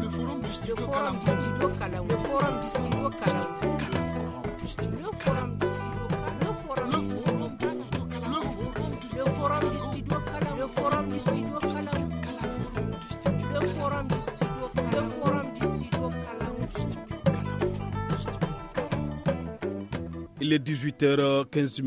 Le forum district le forum district le forum district kalam Il est 18h15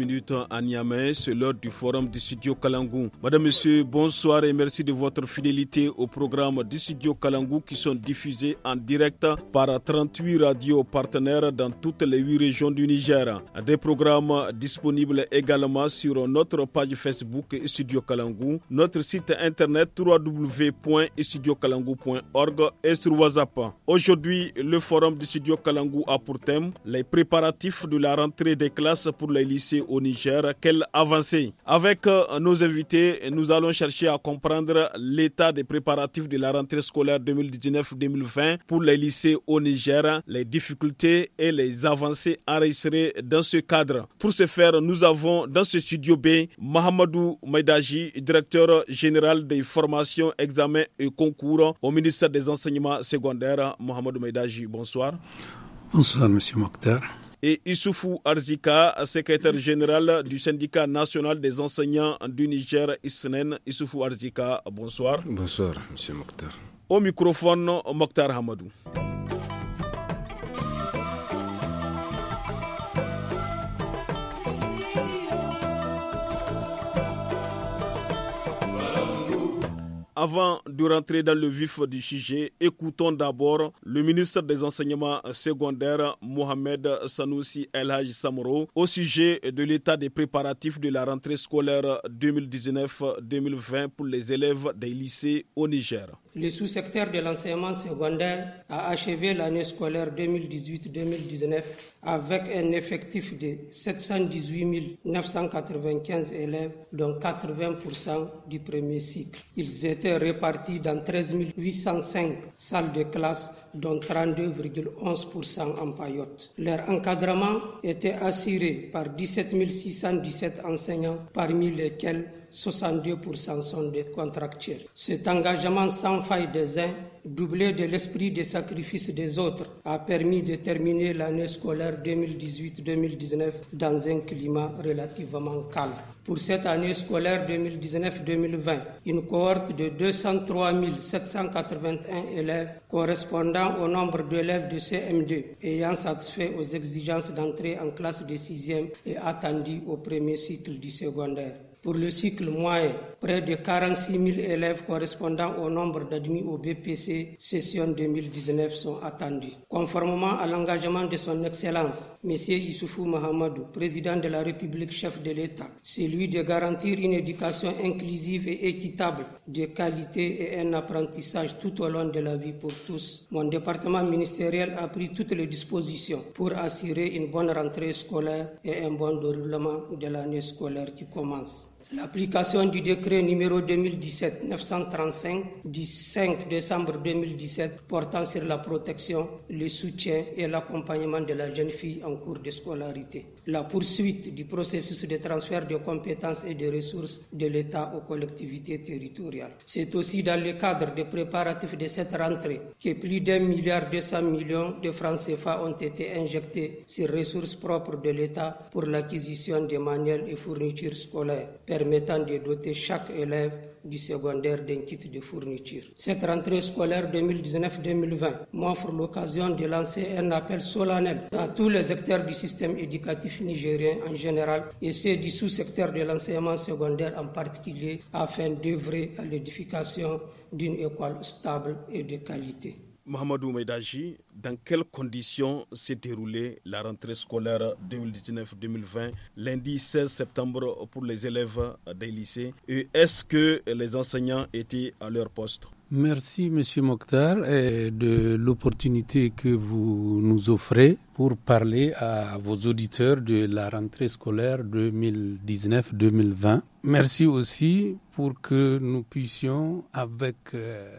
à Niamey, c'est l'heure du forum du studio Kalangou. Madame, Monsieur, bonsoir et merci de votre fidélité au programme du studio Kalangou qui sont diffusés en direct par 38 radios partenaires dans toutes les 8 régions du Niger. Des programmes disponibles également sur notre page Facebook Studio Kalangou, notre site internet www.studiokalangou.org et sur WhatsApp. Aujourd'hui, le forum du studio Kalangou a pour thème les préparatifs de la rentrée des classes pour les lycées au Niger. Quelle avancée Avec euh, nos invités, nous allons chercher à comprendre l'état des préparatifs de la rentrée scolaire 2019-2020 pour les lycées au Niger, les difficultés et les avancées enregistrées dans ce cadre. Pour ce faire, nous avons dans ce studio B Mahamadou Maïdaji, directeur général des formations, examens et concours au ministère des Enseignements secondaires. Mohamedou Maïdaji, bonsoir. Bonsoir, Monsieur Mokhtar et Issoufou Arzika, secrétaire général du syndicat national des enseignants du Niger, Issoufou Arzika, bonsoir. Bonsoir, Monsieur Mokhtar. Au microphone, Mokhtar Hamadou. Avant de rentrer dans le vif du sujet, écoutons d'abord le ministre des Enseignements secondaires, Mohamed Sanoussi El Samoro, au sujet de l'état des préparatifs de la rentrée scolaire 2019-2020 pour les élèves des lycées au Niger. Le sous-secteur de l'enseignement secondaire a achevé l'année scolaire 2018-2019 avec un effectif de 718 995 élèves, dont 80% du premier cycle. Ils étaient répartis dans 13 805 salles de classe, dont 32,11% en payotte. Leur encadrement était assuré par 17 617 enseignants, parmi lesquels 62% sont des contractuels. Cet engagement sans faille des uns, doublé de l'esprit de sacrifice des autres, a permis de terminer l'année scolaire 2018-2019 dans un climat relativement calme. Pour cette année scolaire 2019-2020, une cohorte de 203 781 élèves correspondant au nombre d'élèves de CM2 ayant satisfait aux exigences d'entrée en classe de 6e et attendu au premier cycle du secondaire. Pour le cycle moyen, près de 46 000 élèves correspondant au nombre d'admis au BPC session 2019 sont attendus. Conformément à l'engagement de son Excellence, M. Issoufou Mahamadou, président de la République, chef de l'État, celui de garantir une éducation inclusive et équitable, de qualité et un apprentissage tout au long de la vie pour tous. Mon département ministériel a pris toutes les dispositions pour assurer une bonne rentrée scolaire et un bon déroulement de l'année scolaire qui commence. L'application du décret numéro 2017-935 du 5 décembre 2017 portant sur la protection, le soutien et l'accompagnement de la jeune fille en cours de scolarité la poursuite du processus de transfert de compétences et de ressources de l'État aux collectivités territoriales. C'est aussi dans le cadre des préparatifs de cette rentrée que plus d'un milliard deux cents millions de francs CFA ont été injectés sur ressources propres de l'État pour l'acquisition des manuels et fournitures scolaires permettant de doter chaque élève du secondaire d'un kit de fourniture. Cette rentrée scolaire 2019-2020 m'offre l'occasion de lancer un appel solennel à tous les acteurs du système éducatif nigérien en général et ceux du sous-secteur de l'enseignement secondaire en particulier afin d'œuvrer à l'édification d'une école stable et de qualité. Mohamedou Medaji, dans quelles conditions s'est déroulée la rentrée scolaire 2019-2020 lundi 16 septembre pour les élèves des lycées et est-ce que les enseignants étaient à leur poste Merci Monsieur Mokhtar de l'opportunité que vous nous offrez pour parler à vos auditeurs de la rentrée scolaire 2019-2020. Merci aussi pour que nous puissions avec euh,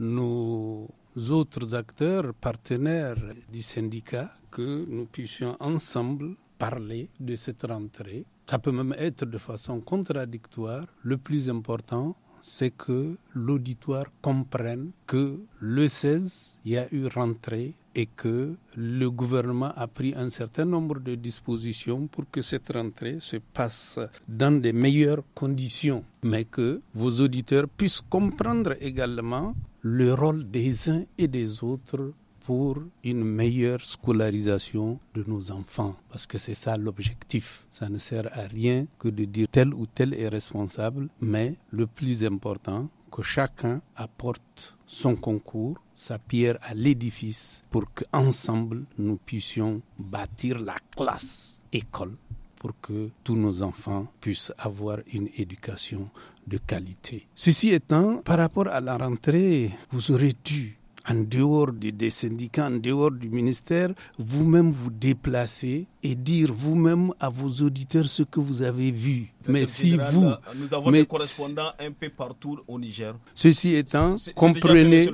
nos autres acteurs partenaires du syndicat que nous puissions ensemble parler de cette rentrée. Ça peut même être de façon contradictoire. Le plus important, c'est que l'auditoire comprenne que le 16, il y a eu rentrée et que le gouvernement a pris un certain nombre de dispositions pour que cette rentrée se passe dans des meilleures conditions, mais que vos auditeurs puissent comprendre également le rôle des uns et des autres pour une meilleure scolarisation de nos enfants, parce que c'est ça l'objectif. Ça ne sert à rien que de dire tel ou tel est responsable, mais le plus important, que chacun apporte son concours, sa pierre à l'édifice, pour qu'ensemble nous puissions bâtir la classe école, pour que tous nos enfants puissent avoir une éducation de qualité. Ceci étant, par rapport à la rentrée, vous aurez dû en dehors des syndicats, en dehors du ministère, vous-même vous déplacer et dire vous-même à vos auditeurs ce que vous avez vu. Mais si vous... Nous avons des correspondants un peu partout au Niger. Ceci étant, comprenez...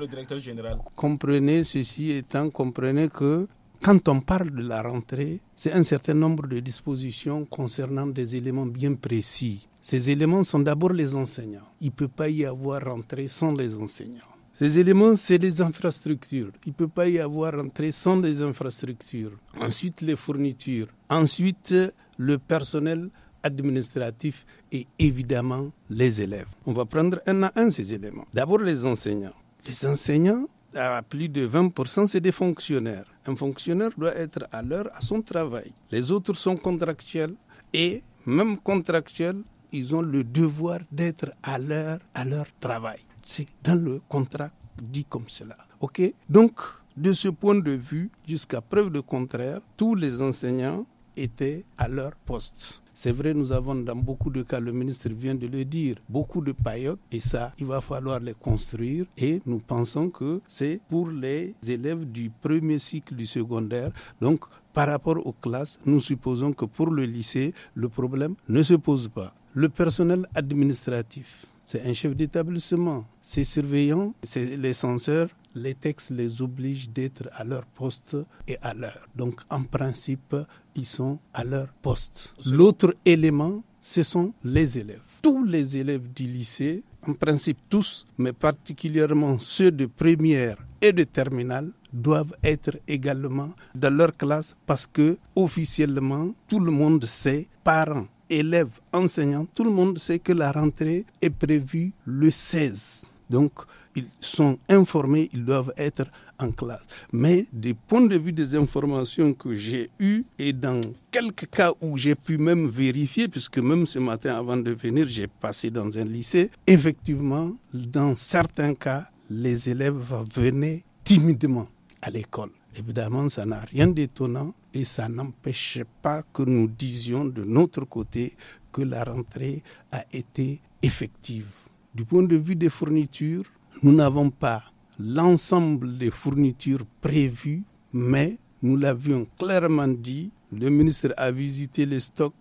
Comprenez, ceci étant, comprenez que quand on parle de la rentrée, c'est un certain nombre de dispositions concernant des éléments bien précis. Ces éléments sont d'abord les enseignants. Il ne peut pas y avoir rentrée sans les enseignants. Ces éléments, c'est les infrastructures. Il ne peut pas y avoir rentrée sans les infrastructures. Ensuite, les fournitures. Ensuite, le personnel administratif et évidemment les élèves. On va prendre un à un ces éléments. D'abord les enseignants. Les enseignants, à plus de 20%, c'est des fonctionnaires. Un fonctionnaire doit être à l'heure à son travail. Les autres sont contractuels et même contractuels, ils ont le devoir d'être à l'heure à leur travail. C'est dans le contrat dit comme cela. OK Donc, de ce point de vue, jusqu'à preuve de contraire, tous les enseignants étaient à leur poste. C'est vrai, nous avons dans beaucoup de cas, le ministre vient de le dire, beaucoup de paillotes et ça, il va falloir les construire et nous pensons que c'est pour les élèves du premier cycle du secondaire. Donc, par rapport aux classes, nous supposons que pour le lycée, le problème ne se pose pas. Le personnel administratif, c'est un chef d'établissement, c'est surveillant, c'est les censeurs. Les textes les obligent d'être à leur poste et à l'heure. Donc, en principe, ils sont à leur poste. L'autre élément, ce sont les élèves. Tous les élèves du lycée, en principe tous, mais particulièrement ceux de première et de terminale, doivent être également dans leur classe parce que officiellement, tout le monde sait, parents, élèves, enseignants, tout le monde sait que la rentrée est prévue le 16. Donc, ils sont informés, ils doivent être en classe. Mais du point de vue des informations que j'ai eues, et dans quelques cas où j'ai pu même vérifier, puisque même ce matin avant de venir, j'ai passé dans un lycée, effectivement, dans certains cas, les élèves venaient timidement à l'école. Évidemment, ça n'a rien d'étonnant et ça n'empêche pas que nous disions de notre côté que la rentrée a été effective. Du point de vue des fournitures, nous n'avons pas l'ensemble des fournitures prévues, mais nous l'avions clairement dit, le ministre a visité les stocks,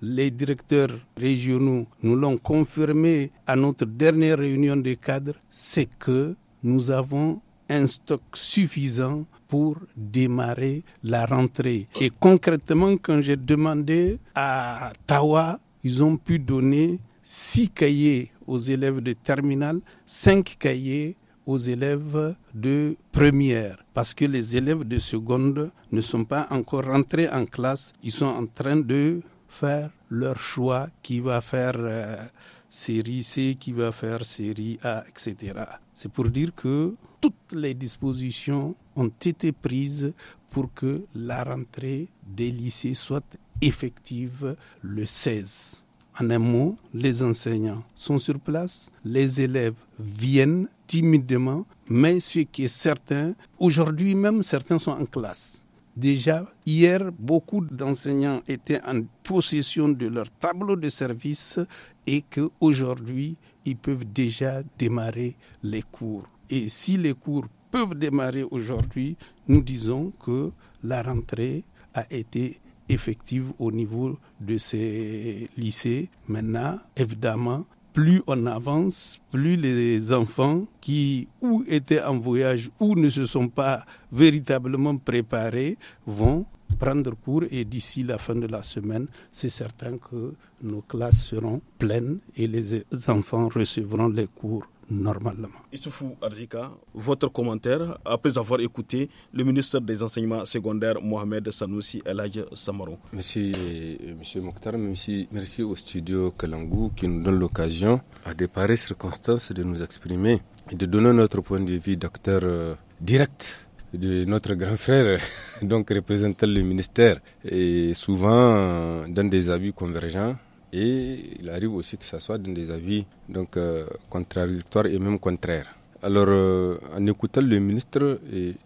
les directeurs régionaux nous l'ont confirmé à notre dernière réunion des cadres, c'est que nous avons un stock suffisant pour démarrer la rentrée. Et concrètement, quand j'ai demandé à Tawa, ils ont pu donner six cahiers aux élèves de terminale, cinq cahiers aux élèves de première, parce que les élèves de seconde ne sont pas encore rentrés en classe, ils sont en train de faire leur choix qui va faire euh, série C, qui va faire série A, etc. C'est pour dire que toutes les dispositions ont été prises pour que la rentrée des lycées soit effective le 16. En un mot, les enseignants sont sur place, les élèves viennent timidement, mais ce qui est certain, aujourd'hui même, certains sont en classe. Déjà, hier, beaucoup d'enseignants étaient en possession de leur tableau de service et qu'aujourd'hui, ils peuvent déjà démarrer les cours. Et si les cours peuvent démarrer aujourd'hui, nous disons que la rentrée a été effective au niveau de ces lycées. Maintenant, évidemment, plus on avance, plus les enfants qui ou étaient en voyage ou ne se sont pas véritablement préparés vont prendre cours et d'ici la fin de la semaine, c'est certain que nos classes seront pleines et les enfants recevront les cours normalement. Issoufou Arzika, votre commentaire après avoir écouté le ministre des Enseignements secondaires Mohamed Sanoussi El Samarou. Samaro. Monsieur, monsieur Mokhtar, merci, au studio Kalangou qui nous donne l'occasion, à des pareilles circonstances, de nous exprimer et de donner notre point de vue docteur euh, direct de notre grand frère, donc représentant le ministère, et souvent dans des avis convergents et il arrive aussi que ça soit dans des avis donc euh, contradictoires et même contraires. Alors, euh, en écoutant le ministre,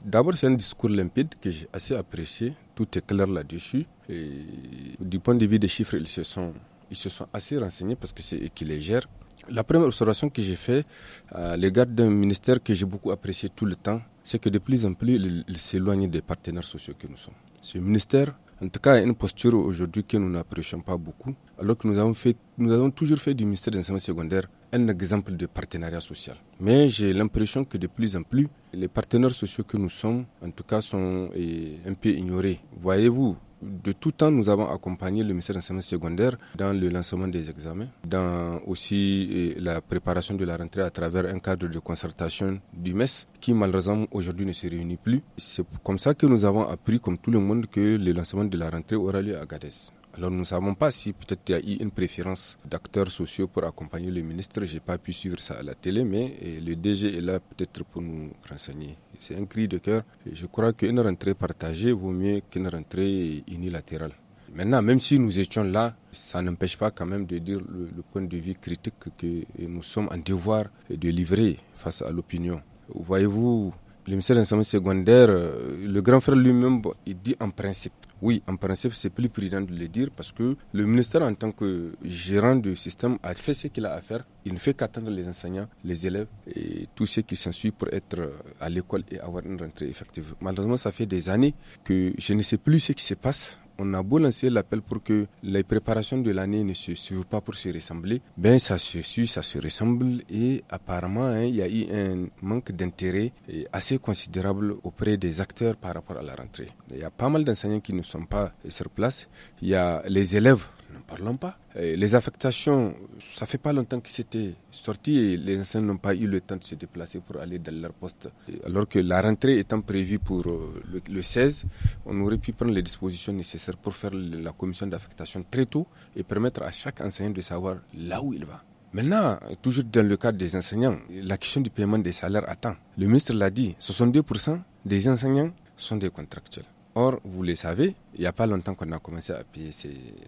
d'abord c'est un discours limpide que j'ai assez apprécié. Tout est clair là-dessus. Du point de vue des chiffres, ils se sont, ils se sont assez renseignés parce que c'est qui les gère. La première observation que j'ai faite à l'égard d'un ministère que j'ai beaucoup apprécié tout le temps, c'est que de plus en plus, il, il s'éloigne des partenaires sociaux que nous sommes. Ce ministère en tout cas, une posture aujourd'hui que nous n'apprécions pas beaucoup, alors que nous avons, fait, nous avons toujours fait du ministère d'enseignement secondaire un exemple de partenariat social. Mais j'ai l'impression que de plus en plus, les partenaires sociaux que nous sommes, en tout cas, sont un peu ignorés. Voyez-vous, de tout temps, nous avons accompagné le ministère de l'enseignement secondaire dans le lancement des examens, dans aussi eh, la préparation de la rentrée à travers un cadre de concertation du MES qui malheureusement aujourd'hui ne se réunit plus. C'est comme ça que nous avons appris, comme tout le monde, que le lancement de la rentrée aura lieu à Gadès. Alors nous ne savons pas si peut-être il y a eu une préférence d'acteurs sociaux pour accompagner le ministre. Je n'ai pas pu suivre ça à la télé, mais le DG est là peut-être pour nous renseigner. C'est un cri de cœur. Je crois qu'une rentrée partagée vaut mieux qu'une rentrée unilatérale. Maintenant, même si nous étions là, ça n'empêche pas quand même de dire le, point de vue critique que nous sommes en devoir de livrer face à l'opinion. Voyez-vous, le ministère de secondaire, euh, le grand frère lui-même, il dit en principe. Oui, en principe, c'est plus prudent de le dire parce que le ministère, en tant que gérant du système, a fait ce qu'il a à faire. Il ne fait qu'attendre les enseignants, les élèves et tous ceux qui suivent pour être euh, à l'école et avoir une rentrée effective. Malheureusement, ça fait des années que je ne sais plus ce qui se passe on a beau lancer l'appel pour que les préparations de l'année ne se suivent pas pour se ressembler, ben ça se suit, ça se ressemble et apparemment hein, il y a eu un manque d'intérêt assez considérable auprès des acteurs par rapport à la rentrée. Il y a pas mal d'enseignants qui ne sont pas sur place, il y a les élèves parlons pas. les affectations, ça fait pas longtemps que c'était sorti et les enseignants n'ont pas eu le temps de se déplacer pour aller dans leur poste. Alors que la rentrée étant prévue pour euh, le, le 16, on aurait pu prendre les dispositions nécessaires pour faire la commission d'affectation très tôt et permettre à chaque enseignant de savoir là où il va. Maintenant, toujours dans le cadre des enseignants, la question du paiement des salaires attend. Le ministre l'a dit, 62% des enseignants sont des contractuels. Or, vous le savez, il n'y a pas longtemps qu'on a commencé à payer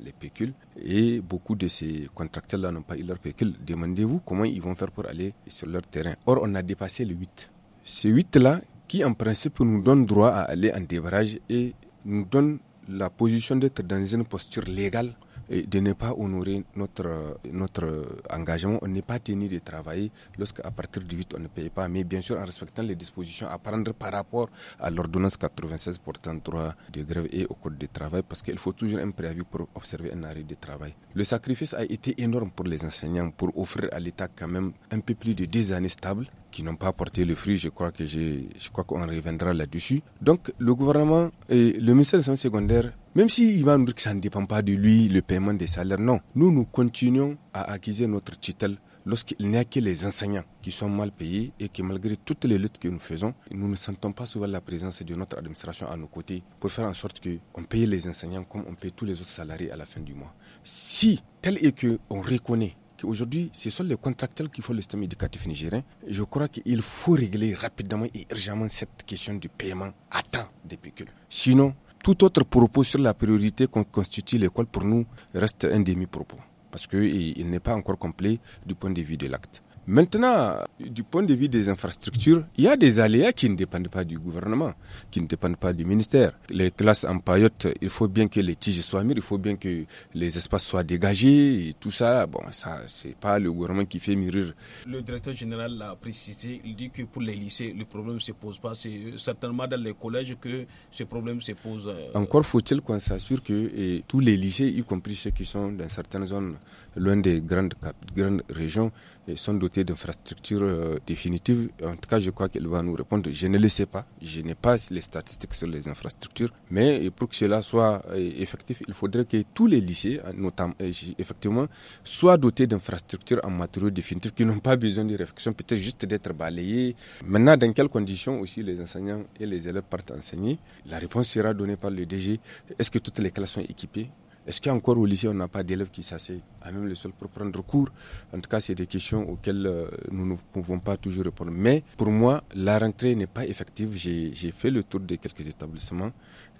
les pécules et beaucoup de ces contracteurs-là n'ont pas eu leurs pécules. Demandez-vous comment ils vont faire pour aller sur leur terrain. Or, on a dépassé le 8. Ces 8-là, qui en principe nous donnent droit à aller en débarrage et nous donnent la position d'être dans une posture légale et de ne pas honorer notre, notre engagement. On n'est pas tenu de travailler lorsqu'à partir du 8, on ne paye pas, mais bien sûr en respectant les dispositions à prendre par rapport à l'ordonnance 96 portant droit de grève et au code de travail, parce qu'il faut toujours un préavis pour observer un arrêt de travail. Le sacrifice a été énorme pour les enseignants, pour offrir à l'État quand même un peu plus de 10 années stables qui n'ont pas porté le fruit. Je crois que je crois qu'on reviendra là-dessus. Donc, le gouvernement et le ministère des secondaire, même si Ivan nous dire que ça ne dépend pas de lui, le paiement des salaires, non. Nous, nous continuons à acquiser notre titre lorsqu'il n'y a que les enseignants qui sont mal payés et que malgré toutes les luttes que nous faisons, nous ne sentons pas souvent la présence de notre administration à nos côtés pour faire en sorte qu'on paye les enseignants comme on paye tous les autres salariés à la fin du mois. Si tel est que on reconnaît Aujourd'hui, c'est sont les contractuels qui font le système éducatif nigérien. Je crois qu'il faut régler rapidement et urgentement cette question du paiement à temps des pécules. Sinon, tout autre propos sur la priorité qu'on constitue l'école pour nous reste un demi-propos parce qu'il n'est pas encore complet du point de vue de l'acte. Maintenant, du point de vue des infrastructures, il y a des aléas qui ne dépendent pas du gouvernement, qui ne dépendent pas du ministère. Les classes en payotte, il faut bien que les tiges soient mûres, il faut bien que les espaces soient dégagés et tout ça. Bon, ça, c'est pas le gouvernement qui fait mûrir. Le directeur général l'a précisé, il dit que pour les lycées, le problème ne se pose pas. C'est certainement dans les collèges que ce problème se pose. Euh. Encore faut-il qu'on s'assure que tous les lycées, y compris ceux qui sont dans certaines zones loin des grandes, grandes régions, sont dotés d'infrastructures euh, définitives. En tout cas, je crois qu'elle va nous répondre. Je ne le sais pas. Je n'ai pas les statistiques sur les infrastructures. Mais pour que cela soit euh, effectif, il faudrait que tous les lycées, euh, notamment, effectivement, soient dotés d'infrastructures en matériaux définitifs qui n'ont pas besoin de réflexion, peut-être juste d'être balayés. Maintenant, dans quelles conditions aussi les enseignants et les élèves partent enseigner La réponse sera donnée par le DG. Est-ce que toutes les classes sont équipées est-ce qu'encore au lycée, on n'a pas d'élèves qui s'asseyent à même le sol pour prendre cours En tout cas, c'est des questions auxquelles euh, nous ne pouvons pas toujours répondre. Mais pour moi, la rentrée n'est pas effective. J'ai fait le tour de quelques établissements.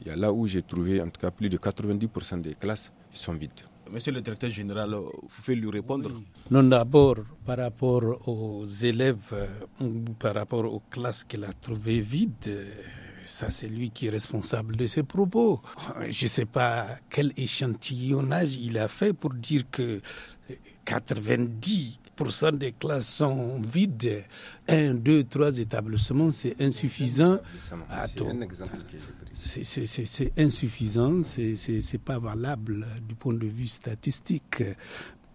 Il y a là où j'ai trouvé, en tout cas, plus de 90% des classes qui sont vides. Monsieur le directeur général, euh, vous pouvez lui répondre Non, d'abord, par rapport aux élèves, euh, par rapport aux classes qu'il a trouvées vides, ça c'est lui qui est responsable de ses propos. Je ne sais pas quel échantillonnage il a fait pour dire que 90 des classes sont vides. Un, deux, trois établissements, c'est insuffisant. C'est insuffisant, c'est pas valable du point de vue statistique.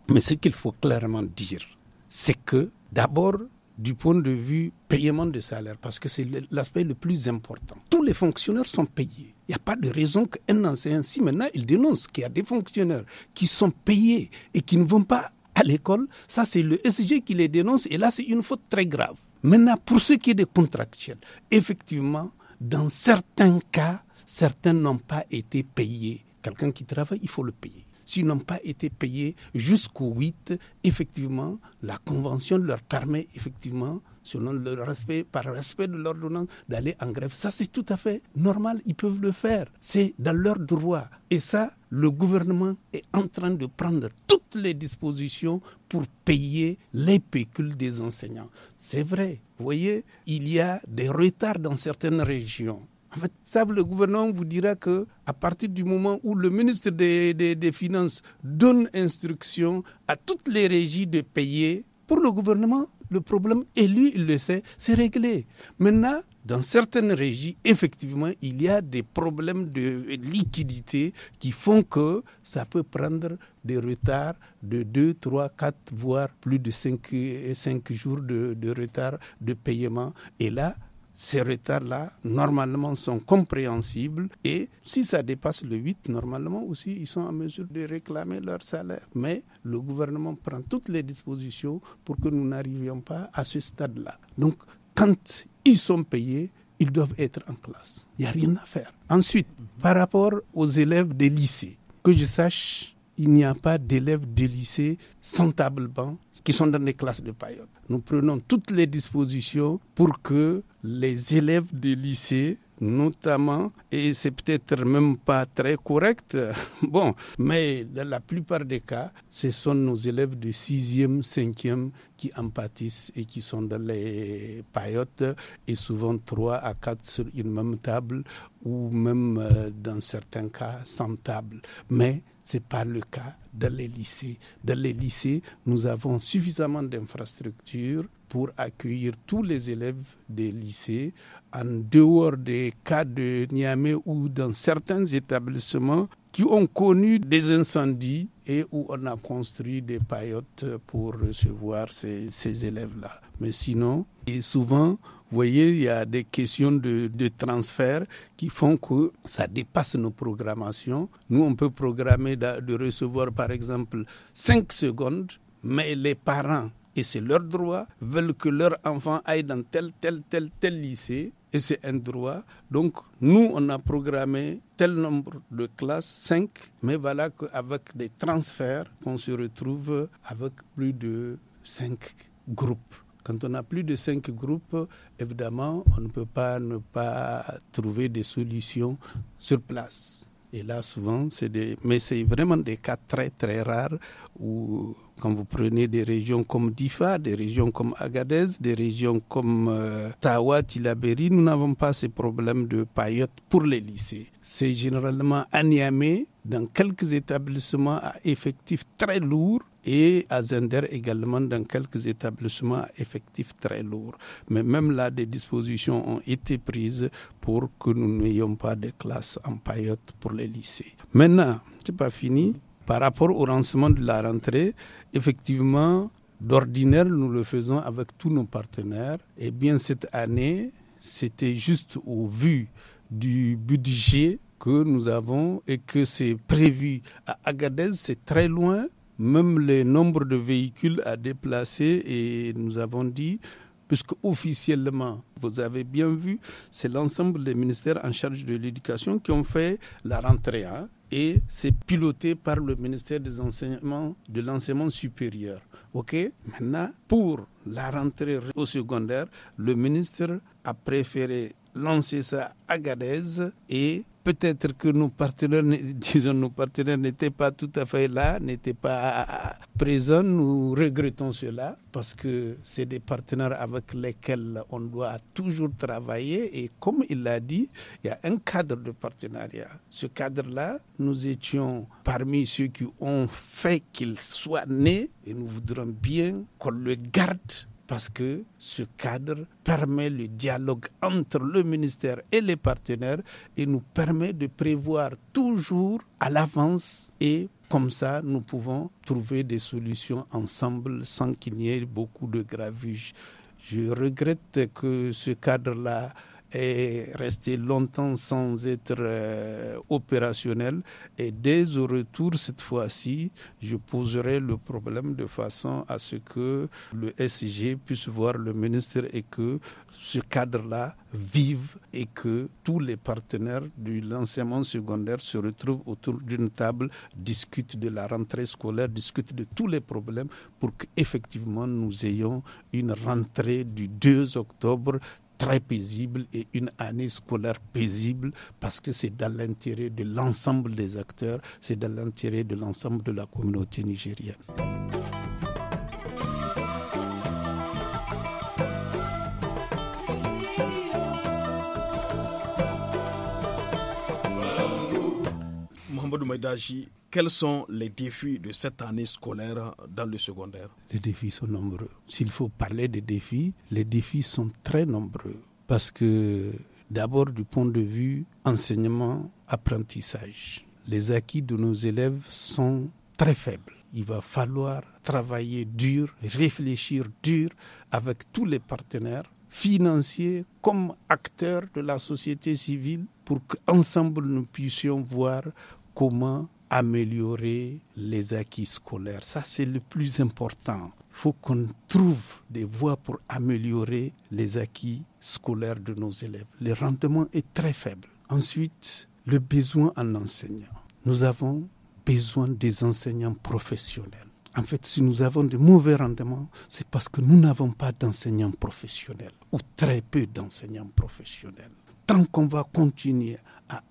Mais ce qu'il faut clairement dire, c'est que d'abord, du point de vue paiement de salaire, parce que c'est l'aspect le plus important. Tous les fonctionnaires sont payés. Il n'y a pas de raison qu'un enseignant, si maintenant il dénonce qu'il y a des fonctionnaires qui sont payés et qui ne vont pas à l'école, ça c'est le SG qui les dénonce et là c'est une faute très grave. Maintenant, pour ce qui est des contractuels, effectivement, dans certains cas, certains n'ont pas été payés. Quelqu'un qui travaille, il faut le payer s'ils n'ont pas été payés jusqu'au 8, effectivement, la Convention leur permet effectivement selon le respect, par respect de l'ordonnance, d'aller en grève. Ça, c'est tout à fait normal, ils peuvent le faire. C'est dans leur droit. Et ça, le gouvernement est en train de prendre toutes les dispositions pour payer les pécules des enseignants. C'est vrai. Vous voyez, il y a des retards dans certaines régions. En le gouvernement vous dira que à partir du moment où le ministre des, Finances donne instruction à toutes les régies de payer, pour le gouvernement, le problème, et lui, il le sait, c'est réglé. Maintenant, dans certaines régies, effectivement, il y a des problèmes de liquidité qui font que ça peut prendre des retards de 2, 3, 4, voire plus de 5, 5 jours de, de retard de paiement. Et là, ces retards-là, normalement, sont compréhensibles et si ça dépasse le 8, normalement aussi, ils sont en mesure de réclamer leur salaire. Mais le gouvernement prend toutes les dispositions pour que nous n'arrivions pas à ce stade-là. Donc, quand ils sont payés, ils doivent être en classe. Il n'y a rien à faire. Ensuite, par rapport aux élèves des lycées, que je sache, il n'y a pas d'élèves de lycée sans table-banc qui sont dans les classes de paillotes. Nous prenons toutes les dispositions pour que les élèves de lycée notamment, et c'est peut-être même pas très correct, bon, mais dans la plupart des cas, ce sont nos élèves de 6e, 5e qui en pâtissent et qui sont dans les paillotes, et souvent 3 à 4 sur une même table, ou même euh, dans certains cas sans table. Mais ce n'est pas le cas dans les lycées. Dans les lycées, nous avons suffisamment d'infrastructures pour accueillir tous les élèves des lycées. En dehors des cas de Niamey ou dans certains établissements qui ont connu des incendies et où on a construit des paillotes pour recevoir ces, ces élèves-là. Mais sinon, et souvent, vous voyez, il y a des questions de, de transfert qui font que ça dépasse nos programmations. Nous, on peut programmer de, recevoir, par exemple, 5 secondes, mais les parents, et c'est leur droit, veulent que leur enfant aille dans tel, tel, tel, tel lycée et c'est un droit. Donc, nous, on a programmé tel nombre de classes, 5, mais voilà qu'avec des transferts, on se retrouve avec plus de 5 groupes. Quand on a plus de cinq groupes, évidemment, on ne peut pas ne pas trouver des solutions sur place. Et là, souvent, c'est des... Mais c'est vraiment des cas très, très rares où, quand vous prenez des régions comme Difa, des régions comme Agadez, des régions comme euh, Tawa, Tilaberi, nous n'avons pas ces problèmes de paillotes pour les lycées. C'est généralement à dans quelques établissements à effectifs très lourds, et à Zender également dans quelques établissements effectifs très lourds. Mais même là, des dispositions ont été prises pour que nous n'ayons pas de classes en paillotte pour les lycées. Maintenant, c'est pas fini. Par rapport au lancement de la rentrée, effectivement, d'ordinaire, nous le faisons avec tous nos partenaires. Et eh bien, cette année, c'était juste au vu du budget que nous avons et que c'est prévu à Agadez, c'est très loin même le nombre de véhicules à déplacer et nous avons dit puisque officiellement, vous avez bien vu, c'est l'ensemble des ministères en charge de l'éducation qui ont fait la rentrée hein, et c'est piloté par le ministère de l'enseignement supérieur. OK Maintenant, pour la rentrée au secondaire, le ministre a préféré lancer ça à Gadez et Peut-être que nos partenaires, disons, nos partenaires n'étaient pas tout à fait là, n'étaient pas présents. Nous regrettons cela parce que c'est des partenaires avec lesquels on doit toujours travailler. Et comme il l'a dit, il y a un cadre de partenariat. Ce cadre-là, nous étions parmi ceux qui ont fait qu'il soit né et nous voudrons bien qu'on le garde parce que ce cadre permet le dialogue entre le ministère et les partenaires et nous permet de prévoir toujours à l'avance et comme ça, nous pouvons trouver des solutions ensemble sans qu'il n'y ait beaucoup de gravures. Je regrette que ce cadre-là est resté longtemps sans être euh, opérationnel. Et dès au retour, cette fois-ci, je poserai le problème de façon à ce que le SG puisse voir le ministre et que ce cadre-là vive et que tous les partenaires du l'enseignement secondaire se retrouvent autour d'une table, discutent de la rentrée scolaire, discutent de tous les problèmes pour qu'effectivement nous ayons une rentrée du 2 octobre très paisible et une année scolaire paisible parce que c'est dans l'intérêt de l'ensemble des acteurs, c'est dans l'intérêt de l'ensemble de la communauté nigérienne quels sont les défis de cette année scolaire dans le secondaire Les défis sont nombreux. S'il faut parler des défis, les défis sont très nombreux parce que d'abord du point de vue enseignement-apprentissage, les acquis de nos élèves sont très faibles. Il va falloir travailler dur, réfléchir dur avec tous les partenaires financiers comme acteurs de la société civile pour qu'ensemble nous puissions voir comment améliorer les acquis scolaires. Ça, c'est le plus important. Il faut qu'on trouve des voies pour améliorer les acquis scolaires de nos élèves. Le rendement est très faible. Ensuite, le besoin en enseignants. Nous avons besoin des enseignants professionnels. En fait, si nous avons de mauvais rendements, c'est parce que nous n'avons pas d'enseignants professionnels ou très peu d'enseignants professionnels. Tant qu'on va continuer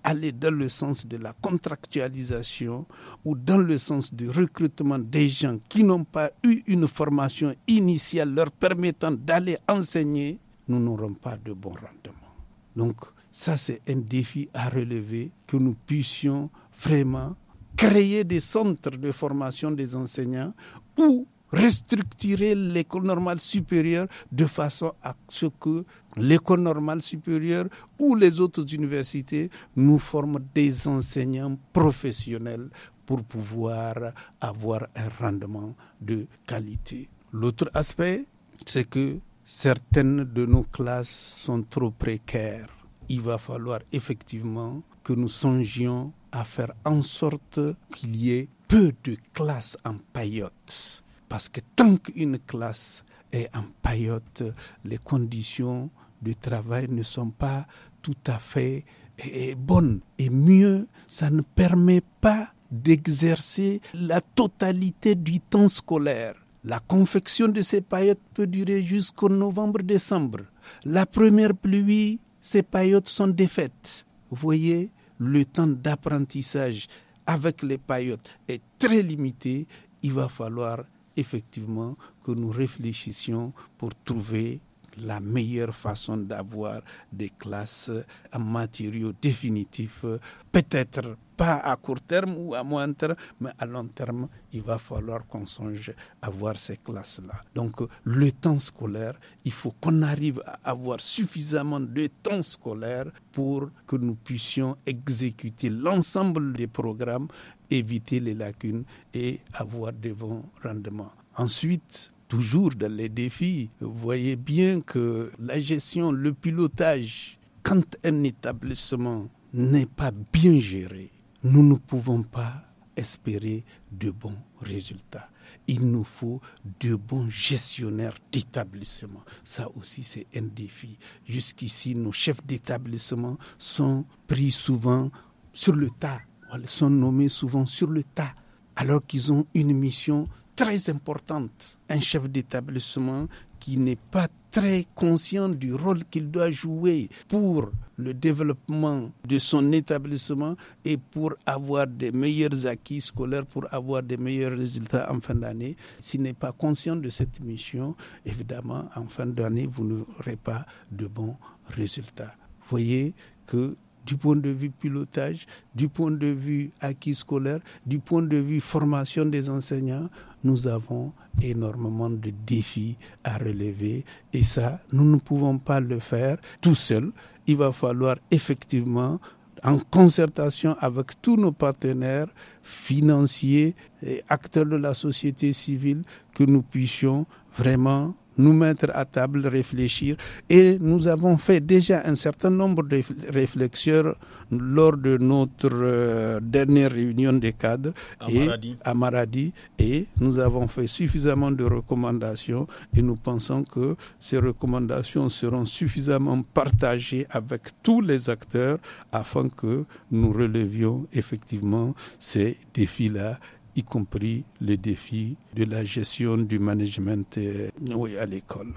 aller dans le sens de la contractualisation ou dans le sens du recrutement des gens qui n'ont pas eu une formation initiale leur permettant d'aller enseigner, nous n'aurons pas de bon rendement. Donc ça, c'est un défi à relever, que nous puissions vraiment créer des centres de formation des enseignants où restructurer l'école normale supérieure de façon à ce que l'école normale supérieure ou les autres universités nous forment des enseignants professionnels pour pouvoir avoir un rendement de qualité. L'autre aspect, c'est que certaines de nos classes sont trop précaires. Il va falloir effectivement que nous songions à faire en sorte qu'il y ait peu de classes en paillotes parce que tant qu'une classe est en paillotte, les conditions de travail ne sont pas tout à fait eh, eh, bonnes. Et mieux, ça ne permet pas d'exercer la totalité du temps scolaire. La confection de ces paillotes peut durer jusqu'au novembre-décembre. La première pluie, ces paillotes sont défaites. Vous voyez, le temps d'apprentissage avec les paillotes est très limité. Il va falloir effectivement que nous réfléchissions pour trouver la meilleure façon d'avoir des classes en matériaux définitifs, peut-être pas à court terme ou à moyen terme, mais à long terme, il va falloir qu'on songe à avoir ces classes-là. Donc, le temps scolaire, il faut qu'on arrive à avoir suffisamment de temps scolaire pour que nous puissions exécuter l'ensemble des programmes éviter les lacunes et avoir de bons rendements. Ensuite, toujours dans les défis, vous voyez bien que la gestion, le pilotage, quand un établissement n'est pas bien géré, nous ne pouvons pas espérer de bons résultats. Il nous faut de bons gestionnaires d'établissement. Ça aussi, c'est un défi. Jusqu'ici, nos chefs d'établissement sont pris souvent sur le tas sont nommés souvent sur le tas, alors qu'ils ont une mission très importante. Un chef d'établissement qui n'est pas très conscient du rôle qu'il doit jouer pour le développement de son établissement et pour avoir des meilleurs acquis scolaires, pour avoir des meilleurs résultats en fin d'année. S'il n'est pas conscient de cette mission, évidemment, en fin d'année, vous n'aurez pas de bons résultats. Voyez que du point de vue pilotage, du point de vue acquis scolaire, du point de vue formation des enseignants, nous avons énormément de défis à relever et ça, nous ne pouvons pas le faire tout seul. Il va falloir effectivement en concertation avec tous nos partenaires financiers et acteurs de la société civile, que nous puissions vraiment nous mettre à table, réfléchir. Et nous avons fait déjà un certain nombre de réflexions lors de notre euh, dernière réunion des cadres et, à Maradi. Et nous avons fait suffisamment de recommandations et nous pensons que ces recommandations seront suffisamment partagées avec tous les acteurs afin que nous relevions effectivement ces défis-là y compris le défi de la gestion du management euh, oui, à l'école.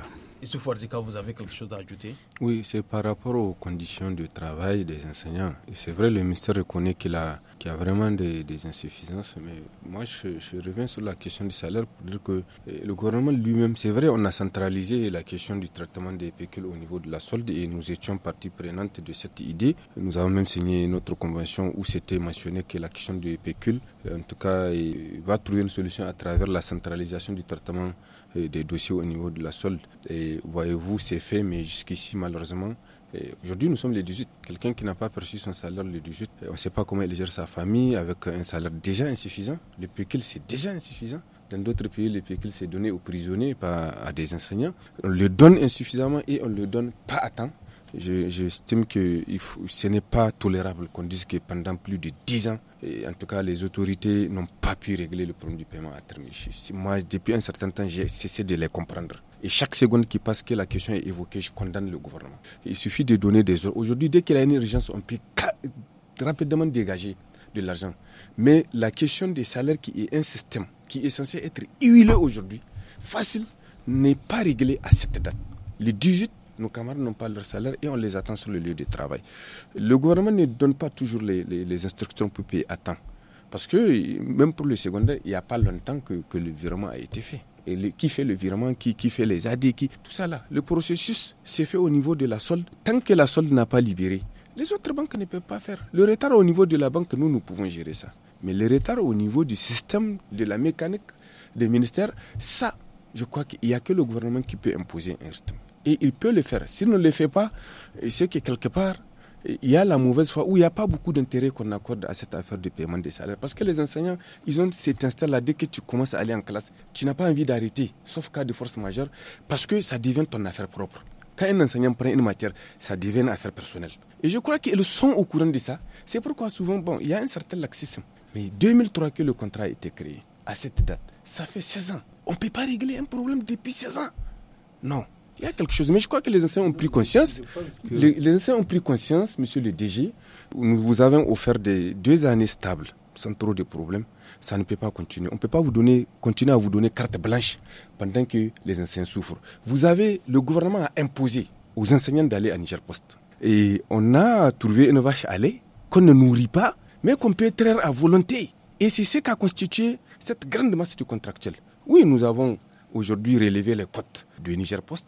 quand vous avez quelque chose à ajouter oui, c'est par rapport aux conditions de travail des enseignants. C'est vrai, le ministère reconnaît qu'il a, qu'il a vraiment des, insuffisances, mais moi, je, reviens sur la question du salaire pour dire que eh, le gouvernement lui-même, c'est vrai, on a centralisé la question du traitement des pécules au niveau de la solde et nous étions partie prenante de cette idée. Nous avons même signé notre convention où c'était mentionné que la question des pécules, en tout cas, eh, va trouver une solution à travers la centralisation du traitement eh, des dossiers au niveau de la solde. Et voyez-vous, c'est fait, mais jusqu'ici, malheureusement, aujourd'hui nous sommes les 18. Quelqu'un qui n'a pas perçu son salaire le 18, on ne sait pas comment il gère sa famille avec un salaire déjà insuffisant. Le qu'il c'est déjà insuffisant. Dans d'autres pays, le pécule, c'est donné aux prisonniers, pas à des enseignants. On le donne insuffisamment et on ne le donne pas à temps. J'estime que ce n'est pas tolérable qu'on dise que pendant plus de 10 ans, en tout cas les autorités n'ont pas pu régler le problème du paiement à terme. Moi, depuis un certain temps, j'ai cessé de les comprendre. Et chaque seconde qui passe que la question est évoquée, je condamne le gouvernement. Il suffit de donner des ordres. Aujourd'hui, dès qu'il y a une urgence, on peut rapidement dégager de l'argent. Mais la question des salaires qui est un système qui est censé être huilé aujourd'hui, facile, n'est pas réglée à cette date. Les 18 nos camarades n'ont pas leur salaire et on les attend sur le lieu de travail. Le gouvernement ne donne pas toujours les, instructions pour payer à temps. Parce que même pour le secondaire, il n'y a pas longtemps que, que le virement a été fait qui fait le virement, qui, fait les AD, qui, tout ça là. Le processus s'est fait au niveau de la solde. Tant que la solde n'a pas libéré, les autres banques ne peuvent pas faire. Le retard au niveau de la banque, nous, nous pouvons gérer ça. Mais le retard au niveau du système, de la mécanique des ministères, ça, je crois qu'il n'y a que le gouvernement qui peut imposer un rythme. Et il peut le faire. S'il ne le fait pas, c'est que quelque part, il y a la mauvaise foi où il n'y a pas beaucoup d'intérêt qu'on accorde à cette affaire de paiement des salaires. Parce que les enseignants, ils ont cet instinct-là, dès que tu commences à aller en classe, tu n'as pas envie d'arrêter, sauf cas de force majeure, parce que ça devient ton affaire propre. Quand un enseignant prend une matière, ça devient une affaire personnelle. Et je crois qu'ils sont au courant de ça. C'est pourquoi souvent, bon, il y a un certain laxisme. Mais 2003 que le contrat a été créé, à cette date, ça fait 16 ans. On ne peut pas régler un problème depuis 16 ans. Non. Il y a quelque chose, mais je crois que les enseignants ont pris conscience. Les, enseignants ont pris conscience, monsieur le DG. Nous vous avons offert deux années stables, sans trop de problèmes. Ça ne peut pas continuer. On ne peut pas vous donner, continuer à vous donner carte blanche pendant que les enseignants souffrent. Vous avez, le gouvernement a imposé aux enseignants d'aller à Niger Post. Et on a trouvé une vache à lait qu'on ne nourrit pas, mais qu'on peut traire à volonté. Et c'est ce qu'a constitué cette grande masse du contractuel. Oui, nous avons aujourd'hui relevé les cotes de Niger Post,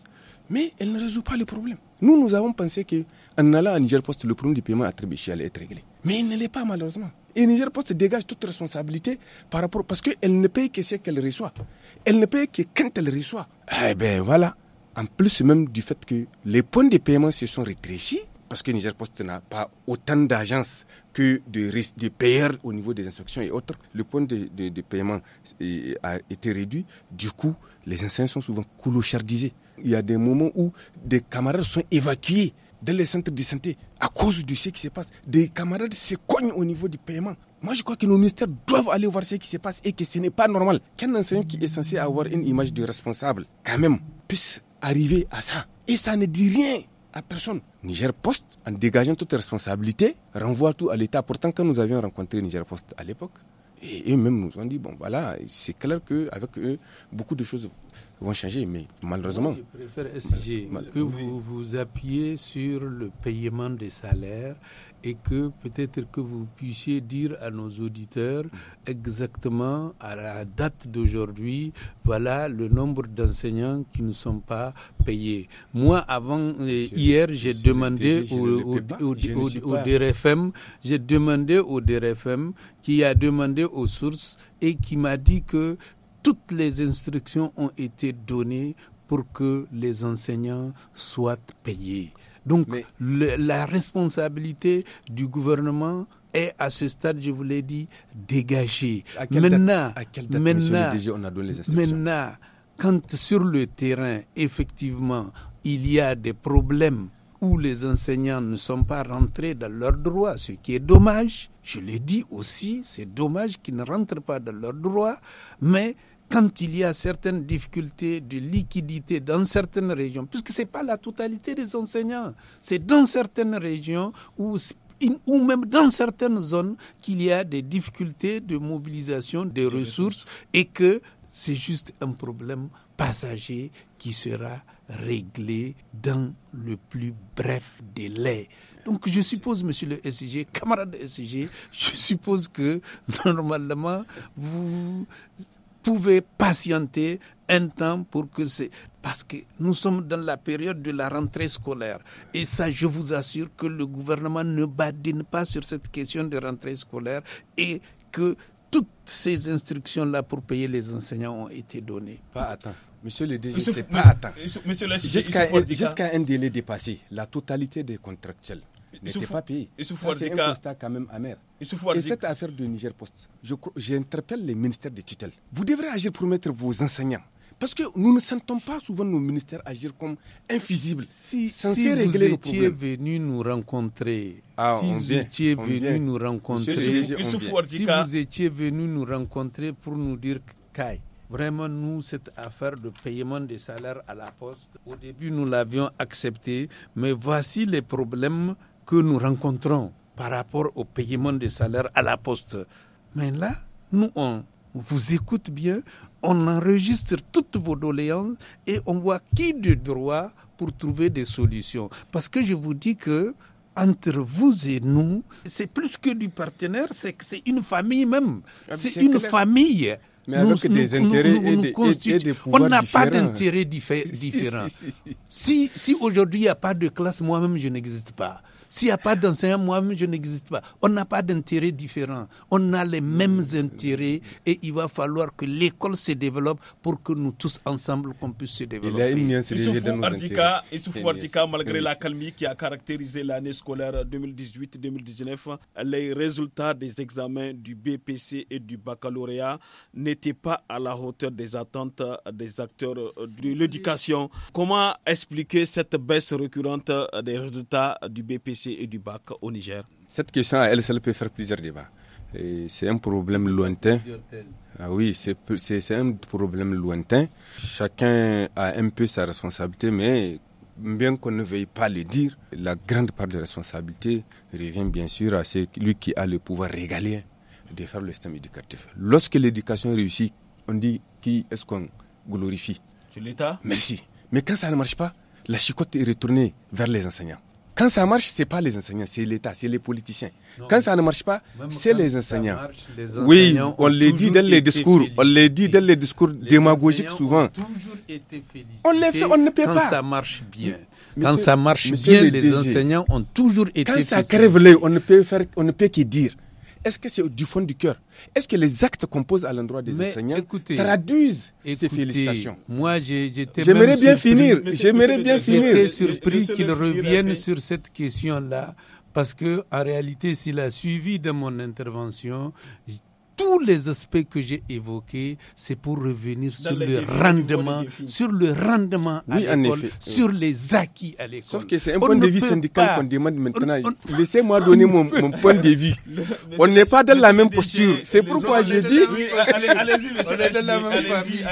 mais elle ne résout pas le problème. Nous, nous avons pensé qu'en allant à Niger Post, le problème du paiement allait être réglé. Mais il ne l'est pas, malheureusement. Et Niger Post dégage toute responsabilité par rapport, parce qu'elle ne paye que ce qu'elle reçoit. Elle ne paye que quand elle reçoit. Eh bien, voilà. En plus même du fait que les points de paiement se sont rétrécis, parce que Niger Post n'a pas autant d'agences que de, de payeurs au niveau des inspections et autres. Le point de, paiement euh, a été réduit. Du coup, les enseignants sont souvent coulochardisés. Il y a des moments où des camarades sont évacués dans les centres de santé à cause de ce qui se passe. Des camarades se cognent au niveau du paiement. Moi, je crois que nos ministères doivent aller voir ce qui se passe et que ce n'est pas normal qu'un enseignant qui est censé avoir une image de responsable, quand même, puisse arriver à ça. Et ça ne dit rien personne. Niger Post, en dégageant toute responsabilité, renvoie tout à l'État. Pourtant, quand nous avions rencontré Niger Post à l'époque, et eux-mêmes nous ont dit, bon voilà, c'est clair qu'avec eux, beaucoup de choses vont changer, mais malheureusement... je préfère SG, que vous vous appuyez sur le paiement des salaires, et que peut-être que vous puissiez dire à nos auditeurs exactement à la date d'aujourd'hui, voilà le nombre d'enseignants qui ne sont pas payés. Moi, avant euh, hier, j'ai demandé au DRFM, j'ai demandé au DRFM qui a demandé aux sources et qui m'a dit que toutes les instructions ont été données pour que les enseignants soient payés. Donc la responsabilité du gouvernement est à ce stade, je vous l'ai dit, dégagée. À maintenant, date, maintenant, on a donné les maintenant, quand sur le terrain, effectivement, il y a des problèmes où les enseignants ne sont pas rentrés dans leurs droits, ce qui est dommage. Je l'ai dit aussi, c'est dommage qu'ils ne rentrent pas dans leurs droits, mais quand il y a certaines difficultés de liquidité dans certaines régions, puisque ce n'est pas la totalité des enseignants, c'est dans certaines régions ou ou même dans certaines zones qu'il y a des difficultés de mobilisation des, ressources, ressources et que c'est juste un problème passager qui sera réglé dans le plus bref délai. Donc je suppose, monsieur le SG, camarade SG, je suppose que normalement, vous pouvez patienter un temps pour que c'est parce que nous sommes dans la période de la rentrée scolaire. Et ça, je vous assure que le gouvernement ne badine pas sur cette question de rentrée scolaire et que toutes ces instructions-là pour payer les enseignants ont été données. Pas à Monsieur le député, pas à hein. Jusqu'à un délai dépassé, la totalité des contractuels n'était pas payé. C'est un constat quand même amer. Et cette affaire de Niger Post, j'interpelle les ministères de tutelle. Vous devrez agir pour mettre vos enseignants. Parce que nous ne sentons pas souvent nos ministères agir comme infusibles. Si, si vous étiez venu nous rencontrer, ah, si vous étiez venu nous rencontrer, si vous étiez venu nous rencontrer pour nous dire Kai, Vraiment, nous, cette affaire de paiement des salaires à la poste, au début, nous l'avions accepté, mais voici les problèmes que nous rencontrons par rapport au paiement des salaires à la poste. Mais là, nous, on vous écoute bien, on enregistre toutes vos doléances et on voit qui du droit pour trouver des solutions. Parce que je vous dis que entre vous et nous, c'est plus que du partenaire, c'est que c'est une famille même. Ah, c'est une famille. Mais avec des intérêts différents. et, On n'a pas d'intérêts différents. si aujourd'hui il n'y a pas de classe, moi-même je n'existe pas. S'il n'y a pas d'enseignant, moi-même, je n'existe pas. On n'a pas d'intérêts différents. On a les mm. mêmes intérêts et il va falloir que l'école se développe pour que nous tous ensemble, qu'on puisse se développer. Il Issoufou Artika, malgré la calmie qui a caractérisé l'année scolaire 2018-2019, les résultats des examens du BPC et du baccalauréat n'étaient pas à la hauteur des attentes des acteurs de l'éducation. Comment expliquer cette baisse récurrente des résultats du BPC et du bac au Niger Cette question, elle, elle peut faire plusieurs débats. C'est un problème lointain. Ah oui, c'est un problème lointain. Chacun a un peu sa responsabilité, mais bien qu'on ne veuille pas le dire, la grande part de responsabilité revient bien sûr à celui qui a le pouvoir régalien de faire le système éducatif. Lorsque l'éducation réussit, on dit qui est-ce qu'on glorifie C'est l'État Merci. Mais quand ça ne marche pas, la chicotte est retournée vers les enseignants. Quand ça marche, c'est pas les enseignants, c'est l'État, c'est les politiciens. quand ça ne marche pas, c'est les enseignants. Oui, on les dit dans les discours, on les dit dans les discours démagogiques souvent. on les fait, on ne peut pas. Quand ça marche bien. ça marche bien, les enseignants ont toujours été. Quand ça crève l'œil, on ne peut faire, on ne peut que dire. Est-ce que c'est du fond du cœur Est-ce que les actes qu'on pose à l'endroit des enseignants traduisent ces félicitations Moi, j'étais J'aimerais bien finir. J'aimerais bien finir. J'étais surpris qu'il revienne sur cette question-là parce que en réalité, s'il a suivi de mon intervention, tous les aspects que j'ai évoqués, c'est pour revenir sur le, rendement, sur le rendement, à l'école, sur les acquis à l'école. Sauf que c'est un point de vue syndical qu'on demande maintenant. Laissez-moi donner mon, point de vue. on n'est pas dans la même posture. C'est pourquoi j'ai dit. allez-y, monsieur. On est dans la même famille.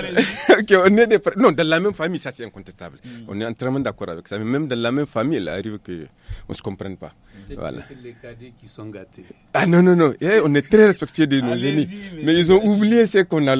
Non, dans la même famille, ça c'est incontestable. Hmm. On est entièrement d'accord avec ça. Mais même dans la même famille, il arrive qu'on ne se comprenne pas. C'est voilà. les cadets qui sont gâtés. Ah non, non, non. Eh, on est très respectueux de nos mais, ils ont oublié ce qu'on a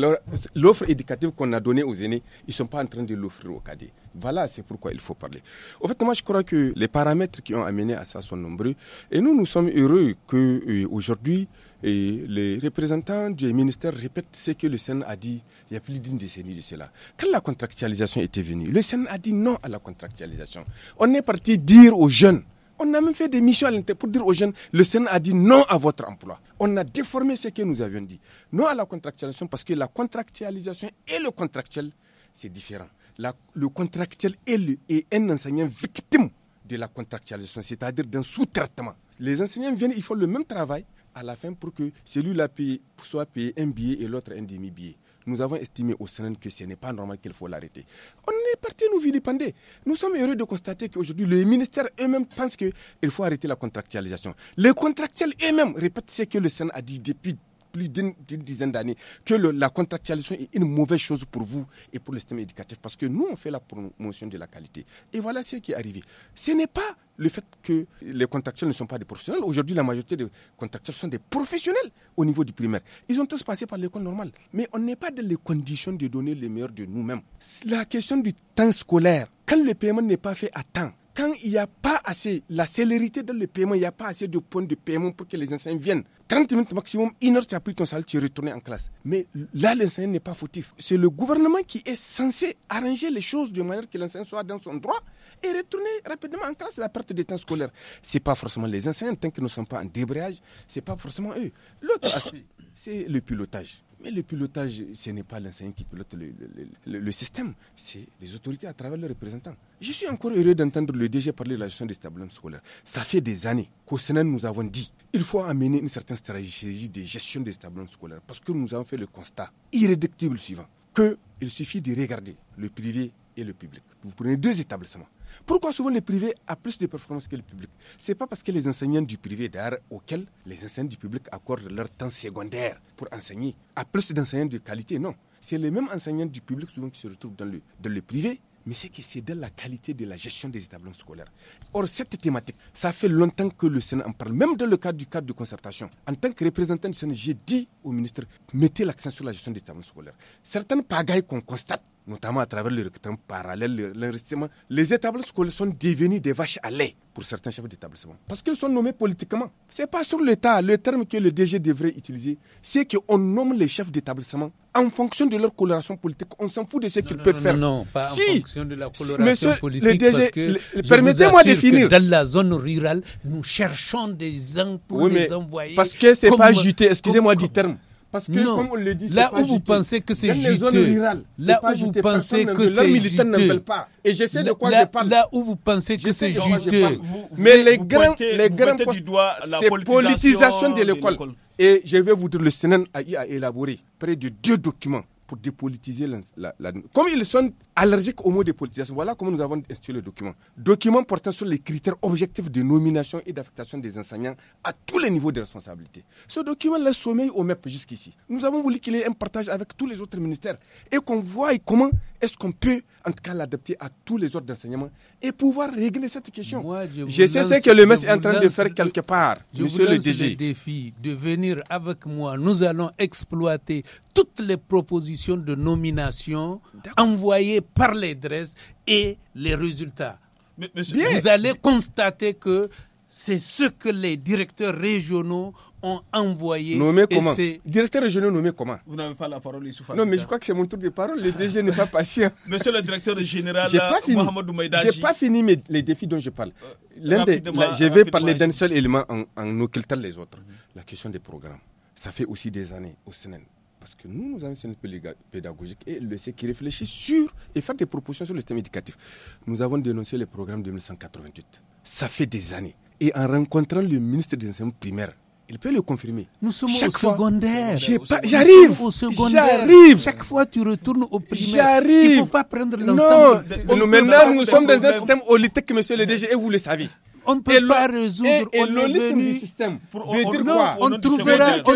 l'offre éducative qu'on a donnée aux aînés. Ils ne sont pas en train de l'offrir aux cadets. Voilà, c'est pourquoi il faut parler. En fait, moi, je crois que les paramètres qui ont amené à ça sont nombreux. Et nous, nous sommes heureux que euh, aujourd'hui, les représentants du ministère répètent ce que le Sénat a dit il y a plus d'une décennie de cela. Quand la contractualisation était venue, le Sénat a dit non à la contractualisation. On est parti dire aux jeunes on a même fait des missions à l'intérieur pour dire aux jeunes, le Sénat a dit non à votre emploi. On a déformé ce que nous avions dit. Non à la contractualisation parce que la contractualisation et le contractuel, c'est différent. le contractuel est, est un enseignant victime de la contractualisation, c'est-à-dire d'un sous-traitement. Les enseignants viennent, ils font le même travail à la fin pour que celui-là soit payé un billet et l'autre un demi-billet nous avons estimé au Sénat que ce n'est pas normal qu'il faut l'arrêter. On est parti nous vilipender. Nous sommes heureux de constater qu'aujourd'hui, les ministères eux-mêmes pensent qu'il faut arrêter la contractualisation. Les contractuels eux-mêmes répètent ce que le Sénat a dit depuis plus d'une dizaine d'années que la contractualisation est une mauvaise chose pour vous et pour le système éducatif parce que nous, on fait la promotion de la qualité. Et voilà ce qui est arrivé. Ce n'est pas le fait que les contractuels ne sont pas des professionnels. Aujourd'hui, la majorité des contractuels sont des professionnels au niveau du primaire. Ils ont tous passé par l'école normale. Mais on n'est pas dans les conditions de donner le meilleur de nous-mêmes. La question du temps scolaire, quand le paiement n'est pas fait à temps, quand il n'y a pas assez, la célérité dans le paiement, il n'y a pas assez de points de paiement pour que les enseignants viennent 30 minutes maximum, une heure, tu as ton salle, tu es retourné en classe. Mais là, l'enseignant n'est pas fautif. C'est le gouvernement qui est censé arranger les choses de manière que l'enseignant soit dans son droit et retourner rapidement en classe la perte des temps scolaires. Ce n'est pas forcément les enseignants, tant qu'ils ne sont pas en débrayage, ce n'est pas forcément eux. L'autre aspect, c'est le pilotage. Mais le pilotage, ce n'est pas l'enseignant qui pilote le, système, c'est les autorités à travers leurs représentants. Je suis encore heureux d'entendre le DG parler de la gestion des établissements scolaires. Ça fait des années qu'au Sénat, nous avons dit qu'il faut amener une certaine stratégie de gestion des établissements scolaires parce que nous avons fait le constat irréductible suivant qu'il suffit de regarder le privé et le public. Vous prenez deux établissements pourquoi souvent le privé a plus de performances que le public C'est pas parce que les enseignants du privé, d'art auxquels les enseignants du public accordent leur temps secondaire pour enseigner, a plus d'enseignants de qualité, non. C'est les mêmes enseignants du public souvent qui se retrouvent dans le, dans le privé, mais c'est que c'est dans la qualité de la gestion des établissements scolaires. Or, cette thématique, ça fait longtemps que le Sénat en parle, même dans le cadre du cadre de concertation. En tant que représentant du Sénat, j'ai dit au ministre, mettez l'accent sur la gestion des établissements scolaires. Certaines pagailles qu'on constate notamment à travers le recrutement parallèle, l'investissement, les établissements sont devenus des vaches à lait pour certains chefs d'établissement parce qu'ils sont nommés politiquement. Ce n'est pas sur l'État, le terme que le DG devrait utiliser, c'est qu'on nomme les chefs d'établissement en fonction de leur coloration politique. On s'en fout de ce qu'ils peuvent faire. Non, pas en fonction de la coloration politique. permettez-moi de finir. dans la zone rurale, nous cherchons des gens pour les envoyer. Parce que ce n'est pas juste excusez-moi du terme. Parce que, non. comme on le dit, là où vous pensez que c'est juteux, là où vous pensez que c'est juteux, pas. Et je sais de quoi je parle. Là où vous pensez que c'est juteux. Mais les grands, les grands, c'est politisation de l'école. Et je vais vous dire, le Sénat a élaboré près de deux documents pour dépolitiser la, Comme ils sont allergiques au mot dépolitisation, voilà comment nous avons institué le document. Document portant sur les critères objectifs de nomination et d'affectation des enseignants à tous les niveaux de responsabilité. Ce document laisse sommeil au MEP jusqu'ici. Nous avons voulu qu'il y ait un partage avec tous les autres ministères et qu'on voie comment est-ce qu'on peut, en tout cas, l'adapter à tous les ordres d'enseignement et pouvoir régler cette question Je, sais ce que le MES est en train de faire quelque part, je vous le défi de venir avec moi, nous allons exploiter toutes les propositions de nomination envoyées par les DRES et les résultats. monsieur, vous allez constater que c'est ce que les directeurs régionaux ont envoyé. Nommé comment Directeurs régionaux nommés comment Vous n'avez pas la parole, Issoufa. Non, mais je crois que c'est mon tour de parole. Le DG n'est pas patient. Monsieur le directeur général, Mohamed Je n'ai pas fini les défis dont je parle. Euh, des, je vais parler d'un seul élément en, occultant les autres. La question des programmes. Ça fait aussi des années au Sénat. Parce que nous, nous avons un pédagogique et le C qui réfléchit sur et fait des propositions sur le système éducatif. Nous avons dénoncé les programmes de 1988. Ça fait des années et en rencontrant le ministre des enseignements primaires, il peut le confirmer. Nous sommes au secondaire. J'arrive. Chaque fois, tu retournes au primaire. Il ne faut pas prendre l'ensemble. Nous, maintenant, nous sommes dans un système holistique, monsieur le DG, et vous le savez on ne peut pas résoudre. le problème du système. on, trouvera, on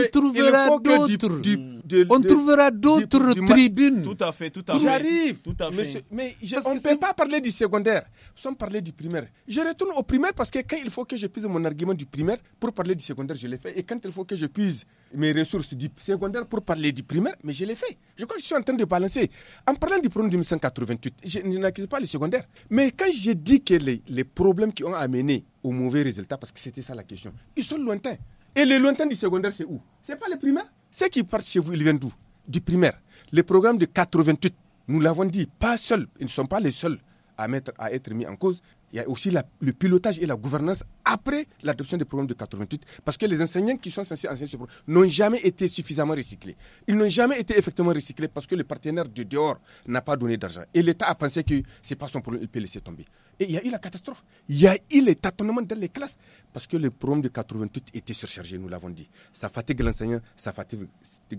trouvera d'autres on trouvera d'autres tribunes. Tout à fait, tout à fait. J'arrive. Tout à fait. mais je, on ne peut pas parler du secondaire sans parler du primaire. Je retourne au primaire parce que quand il faut que je puise mon argument du primaire pour parler du secondaire, je l'ai fait. Et quand il faut que je puise mes ressources du secondaire pour parler du primaire, mais je l'ai fait. Je crois que je suis en train de balancer. En parlant du problème de 1988, je n'accuse pas le secondaire. Mais quand j'ai dit que les, problèmes qui ont amené au mauvais résultat, parce que c'était ça la question, ils sont lointains. Et les lointains du secondaire, c'est où C'est pas le primaire ceux qui partent chez vous, ils viennent d'où Du primaire. Le programme de 88, nous l'avons dit, pas seuls, ils ne sont pas les seuls à, mettre, à être mis en cause. Il y a aussi le pilotage et la gouvernance après l'adoption des programmes de 88, parce que les enseignants qui sont censés enseigner ce programme n'ont jamais été suffisamment recyclés. Ils n'ont jamais été effectivement recyclés parce que le partenaire de dehors n'a pas donné d'argent. Et l'État a pensé que ce n'est pas son problème, il peut laisser tomber. Et il y a eu la catastrophe. Il y a eu les tâtonnements dans les classes. Parce que le programme de 88 était surchargé, nous l'avons dit. Ça fatigue l'enseignant, ça fatigue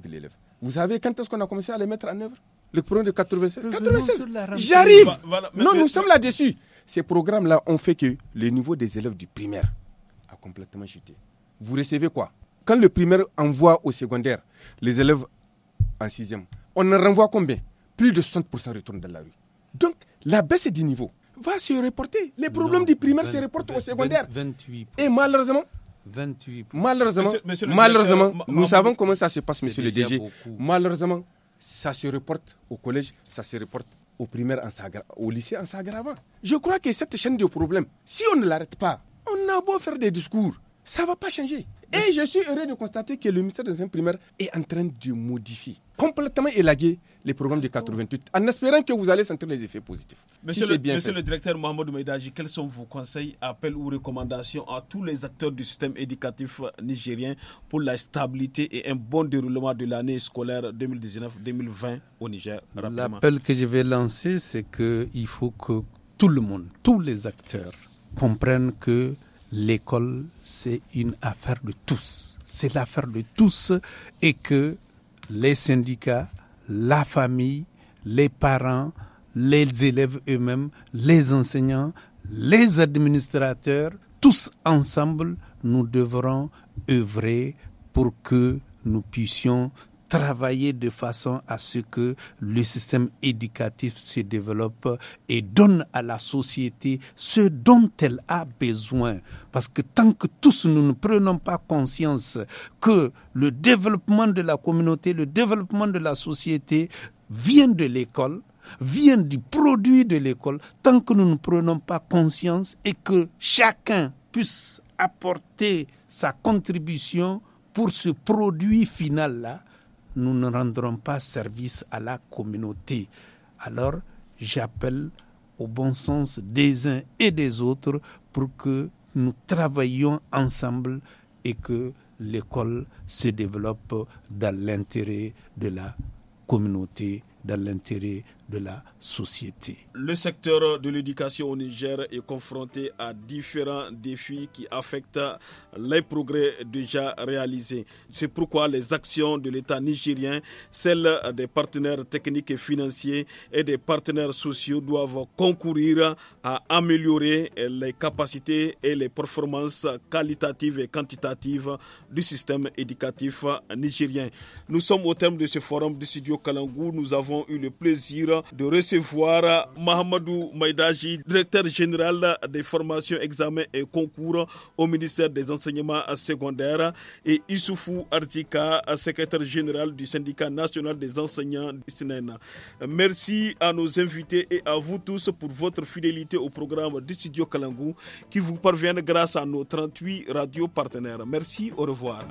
l'élève. Vous savez quand est-ce qu'on a commencé à les mettre en œuvre Le programme de 96. 96 J'arrive Non, nous sommes là-dessus. Ces programmes-là ont fait que le niveau des élèves du primaire a complètement chuté. Vous recevez quoi Quand le primaire envoie au secondaire les élèves en sixième, on en renvoie combien Plus de 60% retournent dans la rue. Donc, la baisse du niveau va se reporter. Les problèmes du primaire se reportent au secondaire. Et malheureusement, malheureusement, nous savons comment ça se passe, monsieur le DG. Malheureusement, ça se reporte au collège, ça se reporte au primaire, en au lycée en s'aggravant. Je crois que cette chaîne de problèmes, si on ne l'arrête pas, on a beau faire des discours, ça ne va pas changer. Et je suis heureux de constater que le ministère des enseignements est en train de modifier, complètement élaguer les programmes de 88, en espérant que vous allez sentir les effets positifs. Monsieur, le, le, directeur Mohamed Oumedaji, quels sont vos conseils, appels ou recommandations à tous les acteurs du système éducatif nigérien pour la stabilité et un bon déroulement de l'année scolaire 2019-2020 au Niger L'appel que je vais lancer, c'est qu'il faut que tout le monde, tous les acteurs comprennent que l'école, c'est une affaire de tous. C'est l'affaire de tous et que les syndicats, la famille, les parents, les élèves eux-mêmes, les enseignants, les administrateurs, tous ensemble, nous devrons œuvrer pour que nous puissions travailler de façon à ce que le système éducatif se développe et donne à la société ce dont elle a besoin. Parce que tant que tous nous ne prenons pas conscience que le développement de la communauté, le développement de la société vient de l'école, vient du produit de l'école, tant que nous ne prenons pas conscience et que chacun puisse apporter sa contribution pour ce produit final-là, nous ne rendrons pas service à la communauté. Alors, j'appelle au bon sens des uns et des autres pour que nous travaillions ensemble et que l'école se développe dans l'intérêt de la communauté, dans l'intérêt de la société. Le secteur de l'éducation au Niger est confronté à différents défis qui affectent les progrès déjà réalisés. C'est pourquoi les actions de l'État nigérien, celles des partenaires techniques et financiers et des partenaires sociaux doivent concourir à améliorer les capacités et les performances qualitatives et quantitatives du système éducatif nigérien. Nous sommes au terme de ce forum du studio Kalangou. Nous avons eu le plaisir de recevoir Mahamadou Maïdaji, directeur général des formations, examens et concours au ministère des Enseignements secondaires, et Issoufou Artika, secrétaire général du syndicat national des enseignants Merci à nos invités et à vous tous pour votre fidélité au programme du studio Kalangou qui vous parvient grâce à nos 38 radios partenaires. Merci, au revoir.